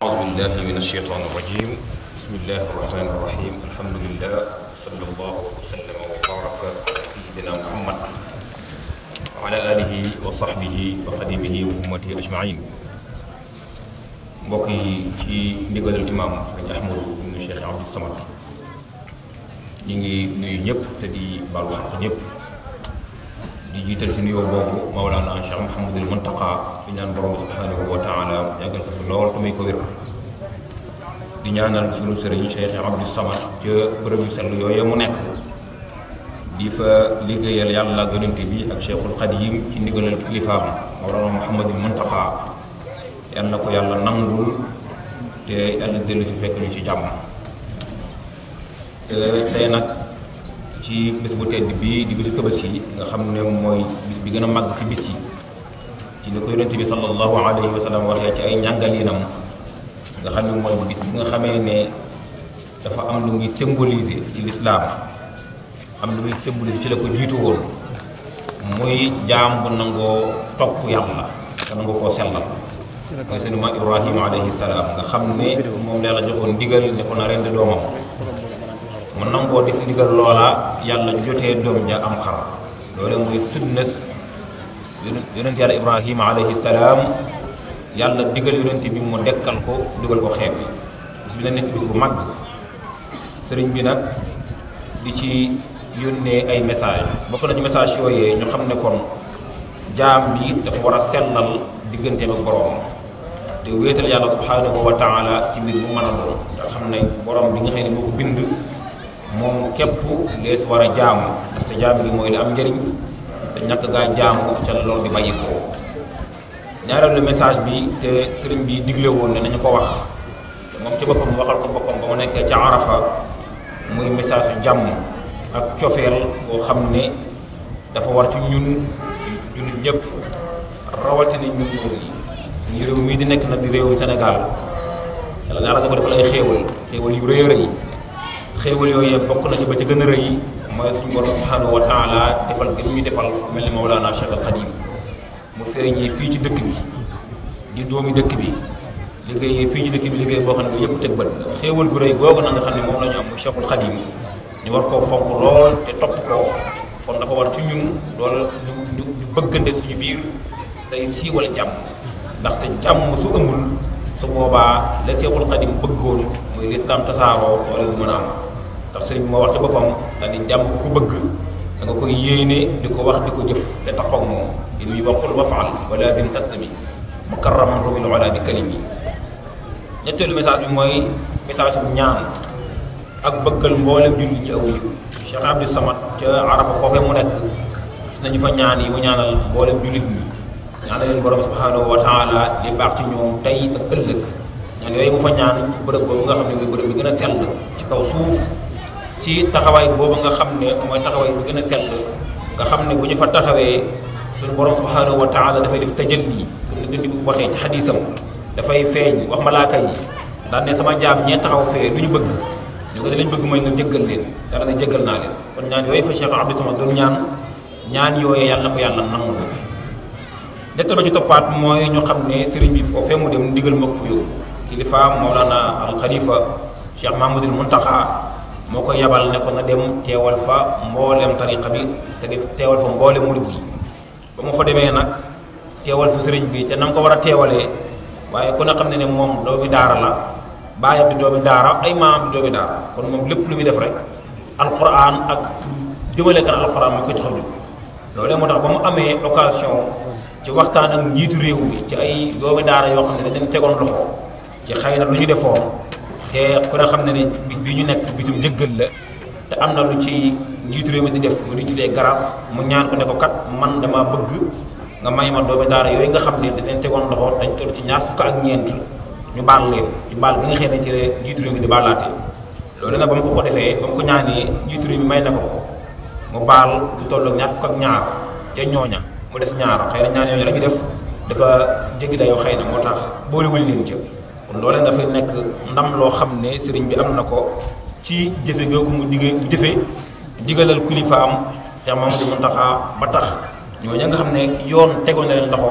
أعوذ بالله من الشيطان الرجيم بسم الله الرحمن الرحيم الحمد لله صلى الله وسلم وبارك على سيدنا محمد وعلى آله وصحبه وقديمه وأمته أجمعين mbokk yi ci ndigalal imaam sëñ Ahmadou ibn Cheikh Abdou Samad ñi ngi nuyu ñëpp te di baalu xaq ñëpp di jiital si nuyoo boobu Mawlana Cheikh Mouhamadul Muntaqa di ñaan borom subhanahu wa taala yàggal ko fi lool te muy ko wér di ñaanal sunu sëriñ Cheikh Abdou Samad ca bërëb yu sell yooyu mu nekk di fa liggéeyal yàlla ak yonent bi ak Cheikhul Xadim ci ndigalal kilifaam Mawlana Mouhamadul Muntaqa yal na ko yàlla nangul te yàlla dellu si fekk ñu ci jàmm tey nag. ci bis bu tedd bii di bisu tabaski nga xam ne mooy bis bi gën a màgg fi bis yi ci ni ko yonent bi sallallahu alayhi wa sallam ci ay njàngalinam nga xam ne mooy bis bi nga xamee ne am lu muy symboliser ci lislaam am lu muy symboliser ci la ko jiitu jaam bu nangoo topp yàlla te nangoo koo sellal mooy seen ma Ibrahima alayhi salaam nga xam ne moom la la joxoon ndigal ne ko na rend doomam mu nangoo def ndigal loola yàlla jotee doom ja am xar loole mooy sunna yonent yàlla ibrahima alayhi salaam yàlla digal yonent bi mu dekkal ko digal ko xeeb bi bis bi na nekk bis bu mag sëriñ bi nag di ci yónnee ay message bokk nañu message yooyee ñu xam ne kon jaam bi dafa war a sellal digganteem ak boroom te wéetal yàlla subhanahu wa taala ci mbir bu mën a doon nga xam ne boroom bi nga xam ne moo ko bind moom képp lees war a jaamu ndaxte jaamu gi mooy li am njëriñ te ñàkk gaa jaamu ca loolu di bàyyi ko ñaareelu message bi te sëriñ bi digle woon ne nañu ko wax te moom ci boppam waxal ko boppam ba mu nekkee ca Arafa muy message su jàmm ak cofeel boo xam ne dafa war ci ñun jullit ñëpp ñun ñun yi suñu réew mii di nekk nag di réewum Sénégal yàlla da ko defal ay xéewal xéewal yu rëy rëy xéewal yooyu yëpp bokk nañu ba ci gën a rëy mooy suñu borom subhanahu wa taala defal gi mel ni Mawlana Cheikh Al Khadim mu feeñee fii ci dëkk bi di doomi dëkk bi liggéey fii ci dëkk boo xam ne bu yëpp teg bët xéewal gu rëy googu na moom la ñu am mu Cheikhul Khadim ñu war koo fonk lool te topp ko kon dafa war ci ñun loolu ñu ñu bëggante suñu biir jàmm ndaxte jàmm su amul su boobaa la Cheikhul Khadim bëggoon muy lislaam tasaaroo du mën a am ndax sëriñ bi moo wax ci boppam daal di jàmm ku bëgg da nga koy yéene di ko wax di ko jëf te taxaw moom di nuyu waqul ba wala zim taslimi mukarraman rubil wala bi kalim yi ñetteelu message bi mooy message bu ñaan ak bëggal mboolem jullit ñi aw yiw Cheikh Abdou Samad ca Arafa foofee mu nekk gis nañu fa ñaan yi mu ñaanal mboolem jullit ñi ñaanal leen borom subhanahu wa taala baax ci ñoom tey ak ëllëg ñaan yooyu mu fa ñaan ci bërëb boobu bi gën a sell ci kaw suuf ci taxawaay boobu nga xam ne mooy taxawaay bu gën a sell nga xam ne bu ñu fa taxawee suñu borom subhanahu wa taala dafay def tajalli comme ni ko waxee ci xadiisam dafay feeñ wax malaaka yi daan ne sama jaam ñee taxaw fee du ñu bëgg ñu ko bëgg mooy nga jëggal leen yàlla naa leen kon ñaan yooyu fa Cheikh Abdou ñaan ñaan yooyee yàlla na ko yàlla nangu nettal ba ci ñu xam ne sëriñ bi foofee mu dem ko fu yóbbu kilifaam Mawlana al Khalifa Cheikh Mahmoudul moo ko yabal ne ko na dem teewal fa mboolem tariqa bi te def teewal fa mboolem murid bi ba mu fa demee nag teewal fa sëriñ bi te na mu ko war a teewalee waaye ku ne xam ne ne moom doomi daara la baayam di doomi daara ay maam di doomi daara kon moom lépp lu muy def rek alquran ak jëmale kan alquran mu ko tax a jóg moo tax ba mu amee occasion ci waxtaan ak njiitu réew bi ci ay doomi daara yoo xam ne dañ leen tegoon loxo ci xëy na lu ñu defoon. te ku ne xam ne ne bis bi ñu nekk bisum njëggal la te am na lu ci njiitu réew mi di def mu di tuddee grâce mu ñaan ko ne ko kat man dama bëgg nga may ma doomi daara yooyu nga xam ne dañ leen tegoon loxo dañ toll ci ñaar fukk ak ñeent ñu baal leen ci baal gi nga xam ne ci njiitu réew mi di baalaate loolu ko ko defee ba mu ko njiitu réew mi may na ko mu baal lu toll ak ñaar fukk ak ñaar ca ñooña mu def ñaar xëy na ñaar ñooñu la ñu def dafa jéggi dayoo xëy na moo tax boolewul leen ci kon loolee dafay nekk ndam loo xam ne sëriñ bi am na ko ci jëfe googu mu digg jëfe digalal kilifaam Cheikh Mamadou Mountakha ba tax ñoo ña nga xam ne yoon tegoon na leen loxo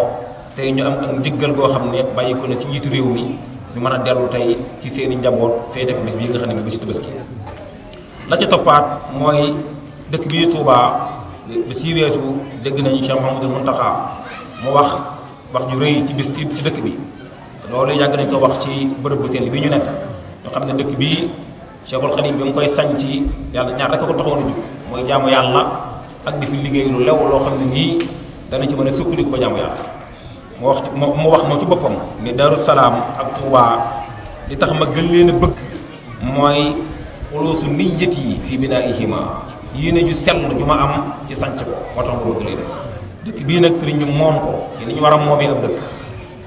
tey ñu am ak njëggal goo xam ne bàyyi ko na ci njiitu réew mi ñu mën a dellu tey ci seeni njaboot fee def bis bii nga xam ne bi bisu tabaski la ca toppaat mooy dëkk bii Touba ba si weesu dégg nañu Cheikh Mamadou Mountakha mu wax wax ju rëy ci bis ci dëkk bi loolu yàgg nañ ko wax ci bërëb bu teel bi ñu nekk ñu xam ne dëkk bii Cheikhul Khadim bi mu koy sanc yàlla ñaar rek ko taxoon a jug mooy jaamu yàlla ak di fi liggéey lu lew loo xam ne nii dana ci mën a sukkandiku ko jaamu yàlla mu wax mu wax moom ci boppam ni Daaru Salaam ak Touba li tax ma gën leen a bëgg mooy xuloosu niyyat yi fii binaa'ihima yéene ju sell ju ma am ci sanc ko moo tax ma bëgg leen dëkk bii nag sëriñ ñu moom ko ni ñu war a moomee ab dëkk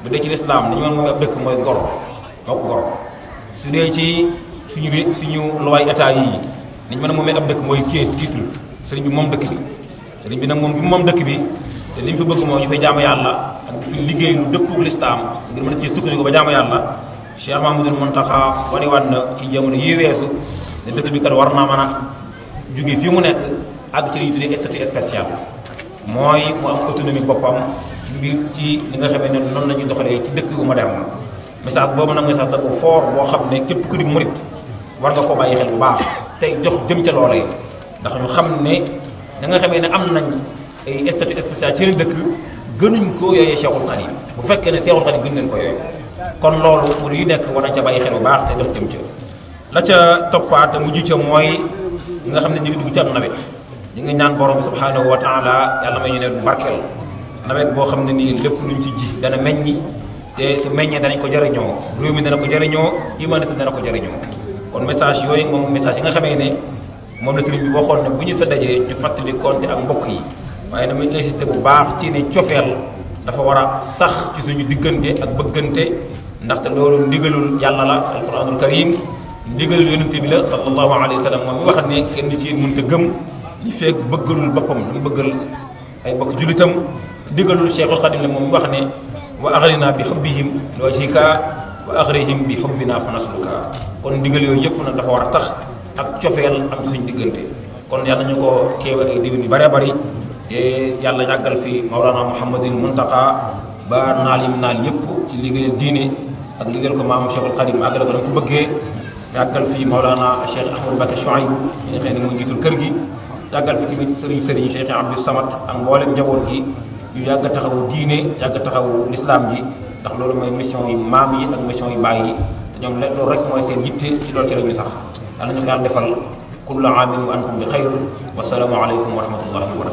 bu dee ci lislaam dañu mën moom ab dëkk mooy gor moo ko gor su dee ci suñu bi suñu looy état yii dañu mën a moomee ab dëkk mooy kii titre moom dëkk bi sëriñ bi nag moom moom dëkk bi te li ñu fa bëgg mooy ñu fay jaamu yàlla ak di fi liggéey lu dëppoo lislaam ngir mën a cee sukkandiku ba jaamu yàlla Cheikh Mamadou Mountakha wane waat na ci jamono yi weesu ne dëkk bi kat war naa mën a jóge fii mu nekk ak ci li ñuy tuddee statut spécial mooy mu am autonomie boppam mbir ci li nga xamee ne noonu la ñuy doxalee ci dëkk yu moderne message boobu nag message la bu foor boo xam ne képp ku di murit war nga koo bàyyi xel bu baax tey jox jëm ca loolee ndax ñu xam ne da nga xamee ne am nañ ay statut spécial ci seen dëkk gënuñ ko yooyee Cheikhul Khadim bu fekkee ne Cheikhul Khadim gën leen ko yooyu kon loolu murit yu nekk war nañ ca bàyyi xel bu baax te jox ca la ca toppaat mujj ca mooy nga xam ne ñu ngi dugg ci am nawet ñu ngi ñaan borom subhanahu wa taala yàlla may ñu ne barkeel nawet boo xam ne nii lépp luñ ci ji dana meññi te su meññee danañ ko jëriñoo réew mi dana ko jëriñoo imanata dana ko jëriñoo kon message yooyu moom message yi nga xamee ne moom la sëriñ bi waxoon na bu ñu sa dajee ñu fàttali konte ak mbokk yi waaye dama insisté bu baax ci ne cofeel dafa war a sax ci suñu diggante ak bëggante ndaxte loolu ndigalul yàlla la alquranul karim ndigalul yonente bi la sallallahu alayhi wa sallam moom mi wax ne kenn ci gëm li feeg bëggalul boppam li bëggal ay bokk jullitam diggalul Cheikhul Khadim ne moom wax ne wa axrina bi xubbihim wajhika wa axrihim bi xubbina fanasluka kon diggal yooyu yëpp nag dafa war a tax ak cofeel am suñ diggante kon yàlla ñu ko keewal ay diwén yu bare bari te yàlla yàggal fi Mawlana Mouhamadul Muntaqa ba naalim naal yëpp ci liggéeyal diine ak liggéeyal ko maamu Cheikhul Khadim àggale ko na ko bëggee yàggal fi Mawlana Cheikh Ahmadou Mbacké Chouaïbou kër gi yàggal fi tamit sëriñ sëriñ Cheikh Abdou Samad ak mboolem njaboot gi yu yàgg taxawu diine yàgg a taxawu lislaam ji ndax loolu mooy mission yi maam yi ak mission yi baay yi te ñoom loolu rek mooy seen yitte ci loolu ci la ñu sax yàlla nañu ko yàlla defal kulla aamin wa antum bi xayr wasalaamu aleykum wa rahmatullahi wa barakatu